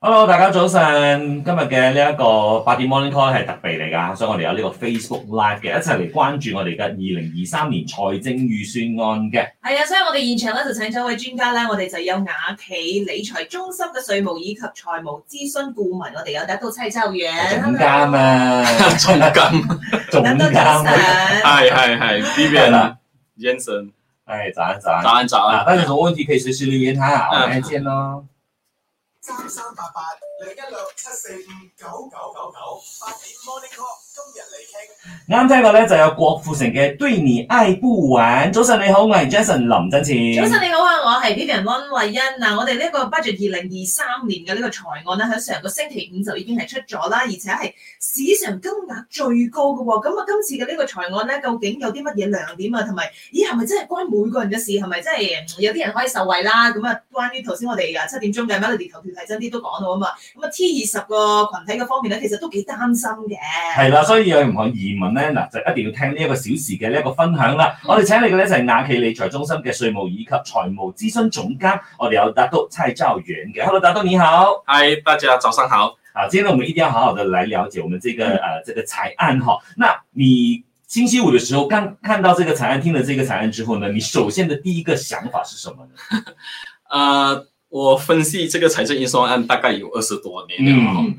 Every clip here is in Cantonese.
Hello，大家早晨。今日嘅呢一個八點 morning call 係特備嚟噶，所以我哋有呢個 Facebook Live 嘅，一齊嚟關注我哋嘅二零二三年財政預算案嘅。係啊，所以我哋現場咧就請咗一位專家咧，我哋就有雅企理財中心嘅稅務以及財務諮詢顧問，我哋有第一西妻，周總監啊， 總監，總監，係係係，Bian j o 安、哎、早安早安，早安，早安。但係有問題可以隨時留言睇下，嗯、我再見咯。三三八八零一六七四五九九九九八點 morning call。啱聽過咧就有郭富城嘅對你愛不完。早晨你好，我係 Jason 林振慈。早晨你好啊，我係 Vivian 溫慧欣。嗱，我哋呢個 budget 二零二三年嘅呢個財案咧，喺上個星期五就已經係出咗啦，而且係史上金額最高嘅喎、喔。咁啊，今次嘅呢個財案咧，究竟有啲乜嘢亮點啊？同埋，咦，係咪真係關每個人嘅事？係咪真係有啲人可以受惠啦？咁啊，關於頭先我哋啊七點鐘嘅 Monday 頭條係真啲都講到啊嘛。咁啊，T 二十個群體嘅方面咧，其實都幾擔心嘅。係啦。所以有任何疑問呢，嗱就一定要聽呢一個小時嘅呢一個分享啦。嗯、我哋請嚟嘅咧就係亞企理財中心嘅稅務以及財務諮詢總監，我哋有達道蔡兆元嘅。Hello，達道你好。Hi，大家早上好。啊，今日呢，我們一定要好好的來了解我們這個啊、嗯呃，這個財案哈。那你星期五嘅時候，剛看到這個財案，聽了這個財案之後呢，你首先的第一個想法係什麼呢？啊、 呃，我分析這個財政預算案大概有二十多年啦。嗯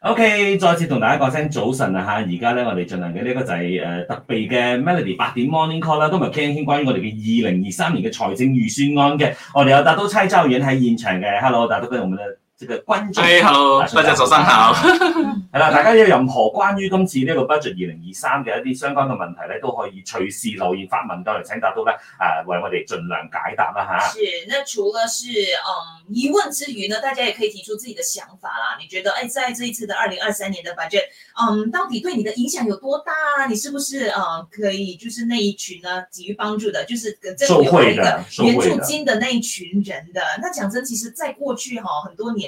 O.K.，再次同大家講聲早晨啊吓，而家咧我哋進行嘅呢個就係誒特備嘅 Melody 八點 Morning Call 啦，今日傾一傾關於我哋嘅二零二三年嘅財政預算案嘅，我哋有達都棲州苑喺現場嘅，Hello，達都同我哋這個 budget 生效係啦！大家有任何關於今次呢個 budget 二零二三嘅一啲相關嘅問題咧，都可以隨時留言發問到嚟請達到咧，啊、呃，為我哋盡量解答啦嚇。是，那除了是嗯疑問之餘呢，大家也可以提出自己的想法啦。你覺得，誒、哎，在這一次的二零二三年的 budget，嗯，到底對你的影響有多大啊？你是不是，嗯，可以就是那一群呢，給予幫助的，就是受惠的援助金的那一群人的？的的那講真，其實在過去哈、哦，很多年。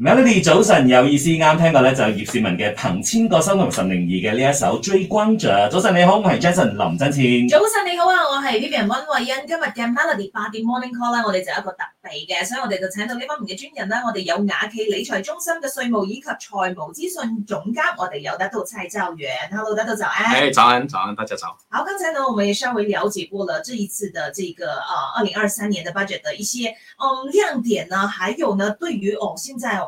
Melody 早晨，有意思啱聽過咧，就葉倩文嘅《憑千個心同神靈二》嘅呢一首《追光者》。早晨你好，我係 Jason 林真倩。早晨你好啊，我係 Vivian 溫慧欣。今日嘅 Melody 八點 Morning Call 啦，我哋就有一個特別嘅，所以我哋就請到呢方面嘅專人啦。我哋有雅企理財中心嘅稅務以及財務資訊總監，我哋有得到蔡兆遠。Hello，得到早安。誒、hey，早安早安，大家早。好，剛才呢，我們也稍微了解過了這一次嘅這個啊，二零二三年嘅 budget 嘅一些嗯、呃、亮點呢，還有呢，對於哦、呃，現在。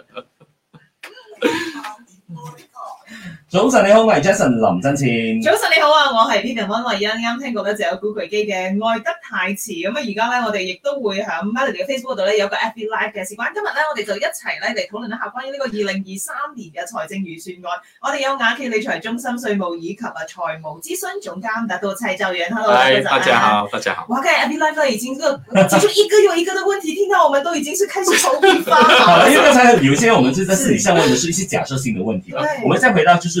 早晨你好，我係 Jason 林真倩。早晨你好啊，我係 Peter 溫慧欣。啱聽過得就有古巨基嘅愛得太遲，咁啊而家咧我哋亦都會喺 Melody 嘅 Facebook 度咧有個 Appy Live 嘅事關，今日咧我哋就一齊咧嚟討論一下關於呢個二零二三年嘅財政預算案。我哋有雅企理財中心稅務以及啊財務諮詢總監，達到齊就楊。Hello，大家好，大家好。哇，嘅 Appy Live 已經個提一個又一個的問題，聽到我們都已經是開始頭皮發。好啦，因為剛才有一些我們就在自己想問嘅，是一些假設性嘅問題啦。對，我們再回到就是。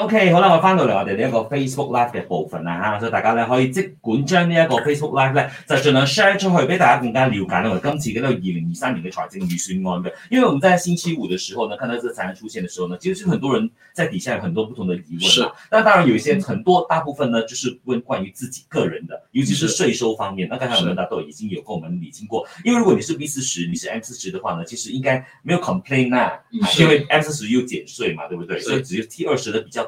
O.K. 好啦，我翻到嚟我哋呢一個 Facebook Live 嘅部分啦嚇、啊，所以大家咧可以即管將呢一個 Facebook Live 咧就儘量 share 出去俾大家更加了解我們今次嘅呢二零二三年嘅財政預算案嘅。因為我們在星期五的時候呢，看到這三樣出現的時候呢，其實是很多人在底下有很多不同的疑問啦是，但當然有一些、嗯、很多大部分呢，就是問關於自己個人的，尤其是稅收方面。是那剛才我們大家都已經有跟我們理清過，因為如果你是 B 四十，你是 M 四十的話呢，其實應該沒有 complain 啦、啊，是因為 M 四十又減稅嘛，對不對？是所以只有 T 二十的比較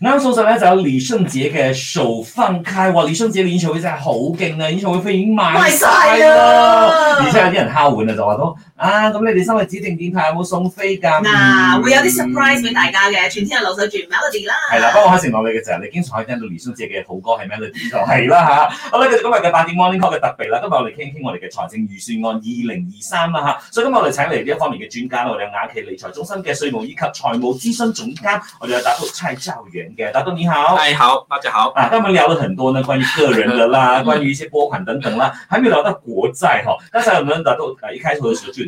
咁數首，呢，就李聖傑嘅手放開，哇！李聖傑嘅演唱會真係好勁啊，演唱會票已經賣晒啦，而且有啲人蝦換啦，就覺啊，咁你哋身為指定電台有冇送飛㗎？嗱、啊，會有啲 surprise 俾大家嘅，全天日留守住 Melody 啦。係啦，不過喺城落嚟嘅時候，你經常可以聽到李信昇嘅好歌係 Melody。係啦嚇，好啦，今日嘅八點 Morning Call 嘅特備啦，今日我哋傾一傾我哋嘅財政預算案二零二三啦嚇。所以今日我哋請嚟呢一方面嘅專家，我哋有雅琪理財中心嘅稅務以及財務諮詢總監，我哋有大都蔡兆元嘅，大都你好。係好，大家好。啊、今日聊咗好多呢，關於個人嘅啦， 關於一些波群等等啦，喺未聊到國債？嗬，剛才有冇聊到？一開頭嘅時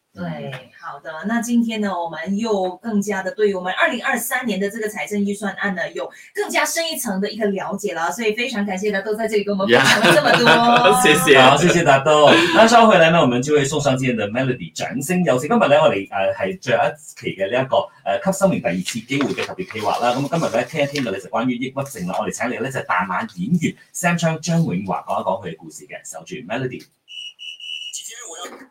對，好的，那今天呢，我們又更加的對於我們二零二三年的這個財政預算案呢，有更加深一層的一個了解啦，所以非常感謝，大家都在這裏跟我們分享咗這麼多，Yeah. 謝謝。好，謝謝，啊，謝謝大家。那稍後回來呢，我們就會送上今天的 Melody 掌聲有請。今日呢，我哋誒係最後一期嘅呢一個誒，給、呃、生命第二次機會嘅特別企劃啦，咁今日咧聽一聽就係關於抑鬱症啦，我哋請嚟咧就係、大馬演員 Sam 槍張永華講一講佢嘅故事嘅，守住 Melody。Mel